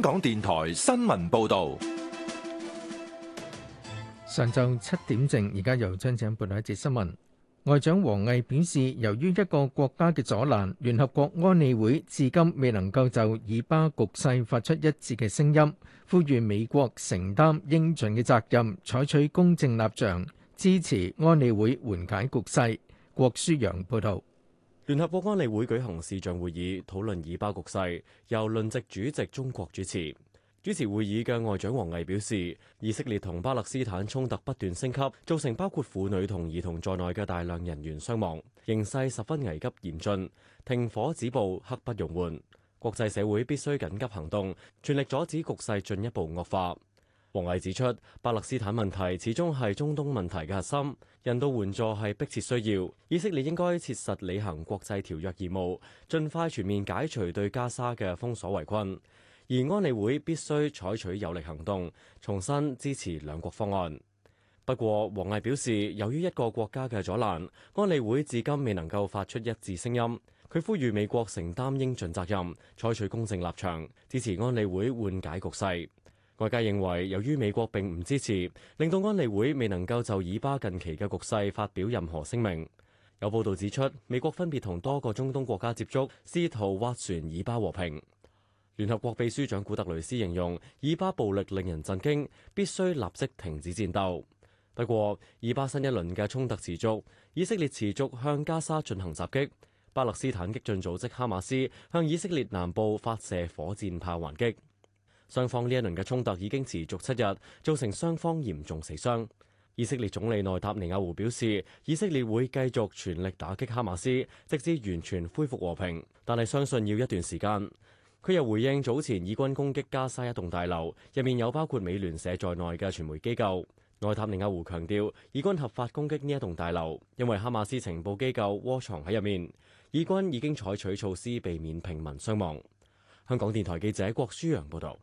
香港電台新聞報道：上晝七點正，而家由將請播一節新聞。外長王毅表示，由於一個國家嘅阻攔，聯合國安理會至今未能夠就以巴局勢發出一致嘅聲音，呼籲美國承擔應盡嘅責任，採取公正立場，支持安理會緩解局勢。郭書洋報道。聯合國安理會舉行視像會議，討論以巴局勢，由輪值主席中國主持。主持會議嘅外長王毅表示，以色列同巴勒斯坦衝突不斷升級，造成包括婦女同兒童在內嘅大量人員傷亡，形勢十分危急嚴峻，停火止暴刻不容緩。國際社會必須緊急行動，全力阻止局勢進一步惡化。王毅指出，巴勒斯坦問題始終係中東問題嘅核心，人道援助係迫切需要。以色列應該切實履行國際條約義務，盡快全面解除對加沙嘅封鎖圍困。而安理會必須採取有力行動，重新支持兩國方案。不過，王毅表示，由於一個國家嘅阻攔，安理會至今未能夠發出一致聲音。佢呼籲美國承擔應盡責任，採取公正立場，支持安理會緩解局勢。外界認為，由於美國並唔支持，令到安理會未能夠就以巴近期嘅局勢發表任何聲明。有報道指出，美國分別同多個中東國家接觸，試圖斡旋以巴和平。聯合國秘書長古特雷斯形容，以巴暴力令人震驚，必須立即停止戰鬥。不過，以巴新一輪嘅衝突持續，以色列持續向加沙進行襲擊，巴勒斯坦激進組織哈馬斯向以色列南部發射火箭炮還擊。雙方呢一輪嘅衝突已經持續七日，造成雙方嚴重死傷。以色列總理內塔尼亞胡表示，以色列會繼續全力打擊哈馬斯，直至完全恢復和平，但係相信要一段時間。佢又回應早前以軍攻擊加沙一棟大樓，入面有包括美聯社在內嘅傳媒機構。內塔尼亞胡強調，以軍合法攻擊呢一棟大樓，因為哈馬斯情報機構窩藏喺入面。以軍已經採取措施避免平民傷亡。香港電台記者郭舒揚報導。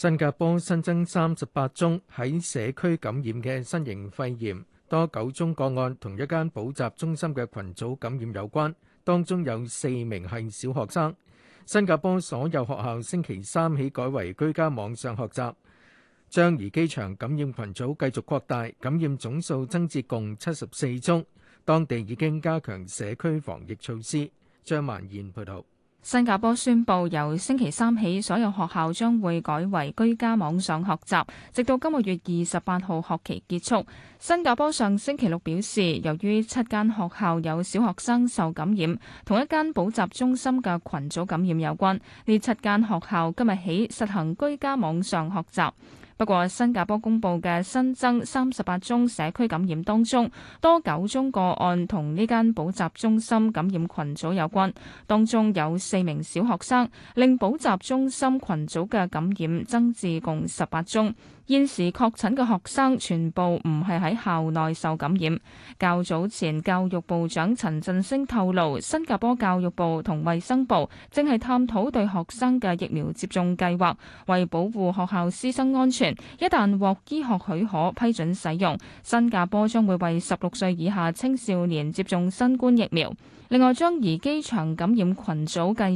新加坡新增三十八宗喺社區感染嘅新型肺炎，多九宗個案同一間補習中心嘅群組感染有關，當中有四名係小學生。新加坡所有學校星期三起改為居家網上學習，樟宜機場感染群組繼續擴大，感染總數增至共七十四宗，當地已經加強社區防疫措施。張萬燕報道。新加坡宣布，由星期三起，所有學校將會改為居家網上學習，直到今個月二十八號學期結束。新加坡上星期六表示，由於七間學校有小學生受感染，同一間補習中心嘅群組感染有關，呢七間學校今日起實行居家網上學習。不過，新加坡公佈嘅新增三十八宗社區感染當中，多九宗個案同呢間補習中心感染群組有關，當中有四名小學生，令補習中心群組嘅感染增至共十八宗。現時確診嘅學生全部唔係喺校內受感染。較早前，教育部長陳振聲透露，新加坡教育部同衛生部正係探討對學生嘅疫苗接種計劃，為保護學校師生安全。一旦獲醫學許可批准使用，新加坡將會為十六歲以下青少年接種新冠疫苗。另外，樟宜機場感染群組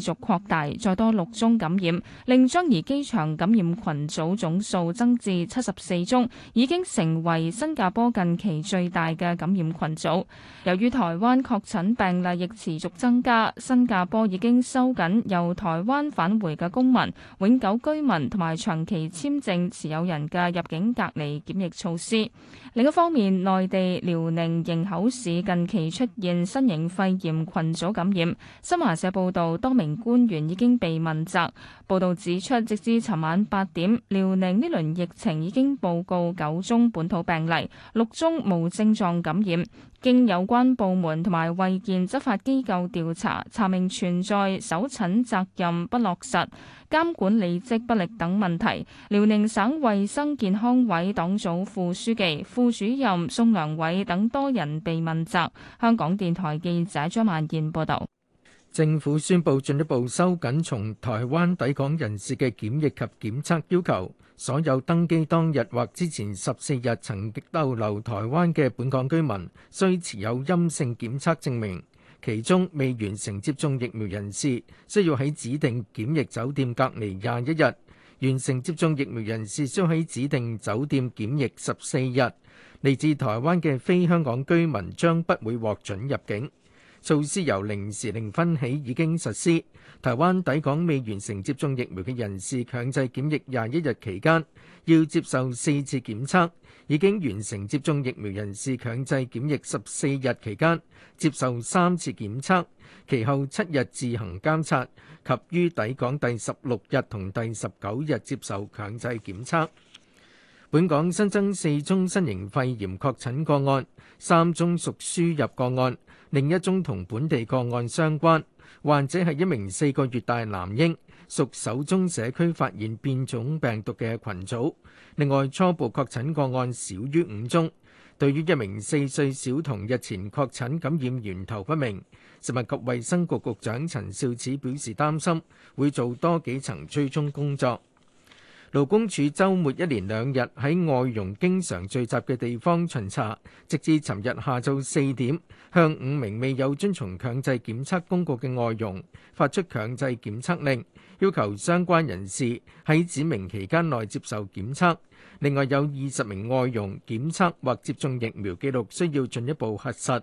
繼續擴大，再多六宗感染，令樟宜機場感染群組總數增至七十四宗，已經成為新加坡近期最大嘅感染群組。由於台灣確診病例亦持續增加，新加坡已經收緊由台灣返回嘅公民、永久居民同埋長期簽證持有人嘅入境隔離檢疫措施。另一方面，內地遼寧營口市近期出現新型肺炎群組感染。新華社報道，多名官員已經被問責。報道指出，直至尋晚八點，遼寧呢輪疫情已經報告九宗本土病例，六宗無症狀感染。經有關部門同埋衛健執法機構調查，查明存在首診責任不落實、監管履職不力等問題。遼寧省衛生健康委黨組副書記、副主任宋良偉等多人被問責。香港電台記者張曼燕報道。政府宣布進一步收緊從台灣抵港人士嘅檢疫及檢測要求，所有登機當日或之前十四日曾經逗留台灣嘅本港居民，需持有陰性檢測證明。其中未完成接種疫苗人士，需要喺指定檢疫酒店隔離廿一日；完成接種疫苗人士，需喺指定酒店檢疫十四日。嚟自台灣嘅非香港居民將不會獲准入境。措施由零時零分起已經實施。台灣抵港未完成接種疫苗嘅人士強制檢疫廿一日期間要接受四次檢測，已經完成接種疫苗人士強制檢疫十四日期間接受三次檢測，其後七日自行監察，及於抵港第十六日同第十九日接受強制檢測。本港新增四宗新型肺炎確診個案，三宗屬輸入個案。另一宗同本地個案相關，患者係一名四個月大男嬰，屬首宗社區發現變種病毒嘅群組，另外，初步確診個案少於五宗。對於一名四歲小童日前確診感染源頭不明，食物及衛生局局長陳肇始表示擔心，會做多幾層追蹤工作。勞工處周末一連兩日喺外傭經常聚集嘅地方巡查，直至尋日下晝四點，向五名未有遵從強制檢測公告嘅外傭發出強制檢測令，要求相關人士喺指明期間內接受檢測。另外有二十名外傭檢測或接種疫苗記錄需要進一步核實。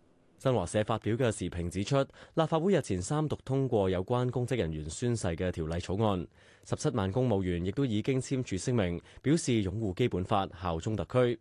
新華社發表嘅時評指出，立法會日前三讀通過有關公職人員宣誓嘅條例草案，十七萬公務員亦都已經簽署聲明，表示擁護基本法、效忠特區。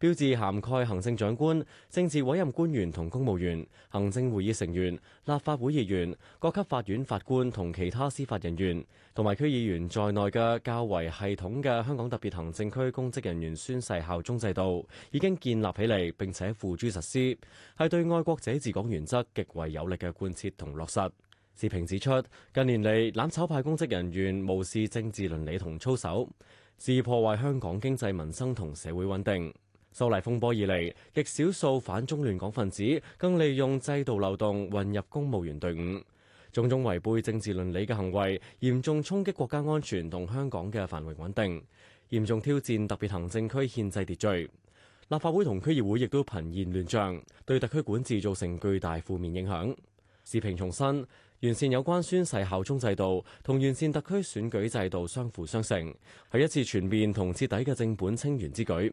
標誌涵蓋行政長官、政治委任官員同公務員、行政會議成員、立法會議員、各級法院法官同其他司法人員，同埋區議員在內嘅較為系統嘅香港特別行政區公職人員宣誓效忠制度已經建立起嚟，並且付諸實施，係對愛國者治港原則極為有力嘅貫徹同落實。時評指出，近年嚟攬炒派公職人員無視政治倫理同操守，肆意破壞香港經濟民生同社會穩定。修例風波以嚟，極少數反中亂港分子更利用制度漏洞混入公務員隊伍，種種違背政治倫理嘅行為嚴重衝擊國家安全同香港嘅繁榮穩定，嚴重挑戰特別行政區憲制秩序。立法會同區議會亦都頻現亂象，對特區管治造成巨大負面影響，視平重申，完善有關宣誓效忠制度同完善特區選舉制度相輔相成，係一次全面同徹底嘅正本清源之舉。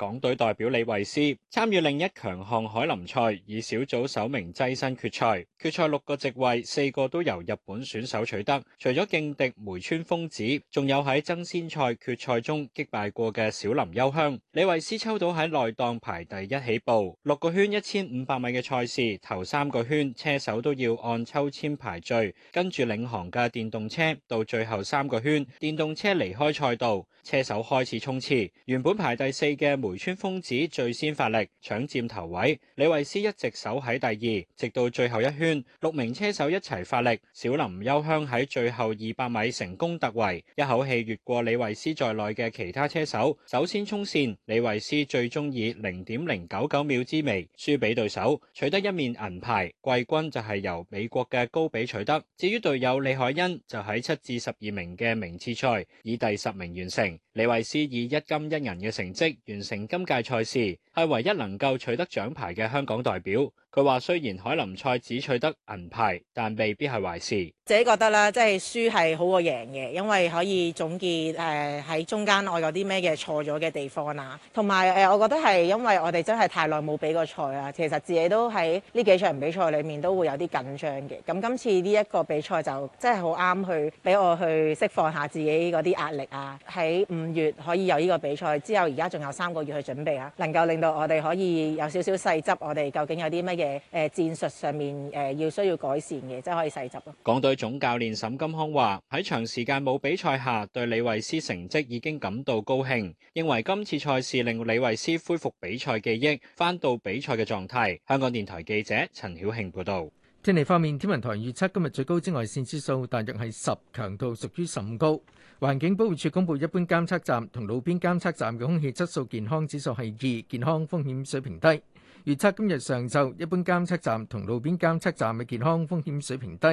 港隊代表李慧詩參與另一強項海林賽，以小組首名躋身決賽。決賽六個席位，四個都由日本選手取得，除咗勁敵梅川風子，仲有喺爭先賽決賽中擊敗過嘅小林優香。李慧詩抽到喺內檔排第一起步，六個圈一千五百米嘅賽事，頭三個圈車手都要按抽簽排序，跟住領航嘅電動車，到最後三個圈，電動車離開賽道，車手開始衝刺。原本排第四嘅梅梅川豐子最先發力，搶佔頭位。李維斯一直守喺第二，直到最後一圈，六名車手一齊發力。小林優香喺最後二百米成功突圍，一口氣越過李維斯在內嘅其他車手，首先衝線。李維斯最終以零點零九九秒之微輸俾對手，取得一面銀牌。季軍就係由美國嘅高比取得。至於隊友李海恩就喺七至十二名嘅名次賽，以第十名完成。李慧詩以一金一銀嘅成績完成今屆賽事，係唯一能夠取得獎牌嘅香港代表。佢話雖然海林賽只取得銀牌，但未必係壞事。自己覺得咧，即係輸係好過贏嘅，因為可以總結誒喺、呃、中間我有啲咩嘅錯咗嘅地方啊，同埋誒，我覺得係因為我哋真係太耐冇比過賽啊。其實自己都喺呢幾場比賽裏面都會有啲緊張嘅。咁今次呢一個比賽就真係好啱去俾我去釋放下自己嗰啲壓力啊。喺五月可以有呢個比賽之後，而家仲有三個月去準備啊，能夠令到我哋可以有少少細汁，我哋究竟有啲咩嘅誒戰術上面誒要需要改善嘅，即係可以細執咯。港隊總教練沈金康話：喺長時間冇比賽下，對李慧詩成績已經感到高興，認為今次賽事令李慧詩恢復比賽記憶，翻到比賽嘅狀態。香港電台記者陳曉慶報導。天氣方面，天文台預測今日最高紫外線指數大約係十，強度屬於甚高。環境保護署公布一般監測站同路邊監測站嘅空氣質素健康指數係二，健康風險水平低。預測今日上晝一般監測站同路邊監測站嘅健康風險水平低。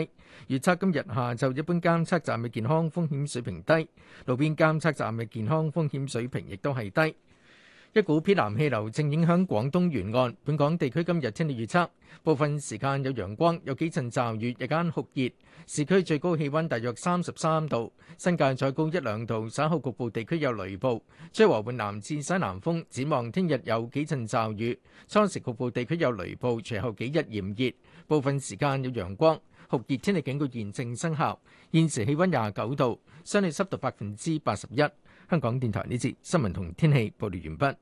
預測今日下晝一般監測站嘅健康風險水平低，路邊監測站嘅健康風險水平亦都係低。一股偏南氣流正影響廣東沿岸，本港地區今日天氣預測部分時間有陽光，有幾陣驟雨，日間酷熱，市區最高氣温大約三十三度，新界再高一兩度，稍後局部地區有雷暴。吹和緩南至西南風，展望聽日有幾陣驟雨，初時局部地區有雷暴，隨後幾日炎熱，部分時間有陽光，酷熱天氣警告現正生效。現時氣温廿九度，相對濕度百分之八十一。香港電台呢節新聞同天氣報道完畢。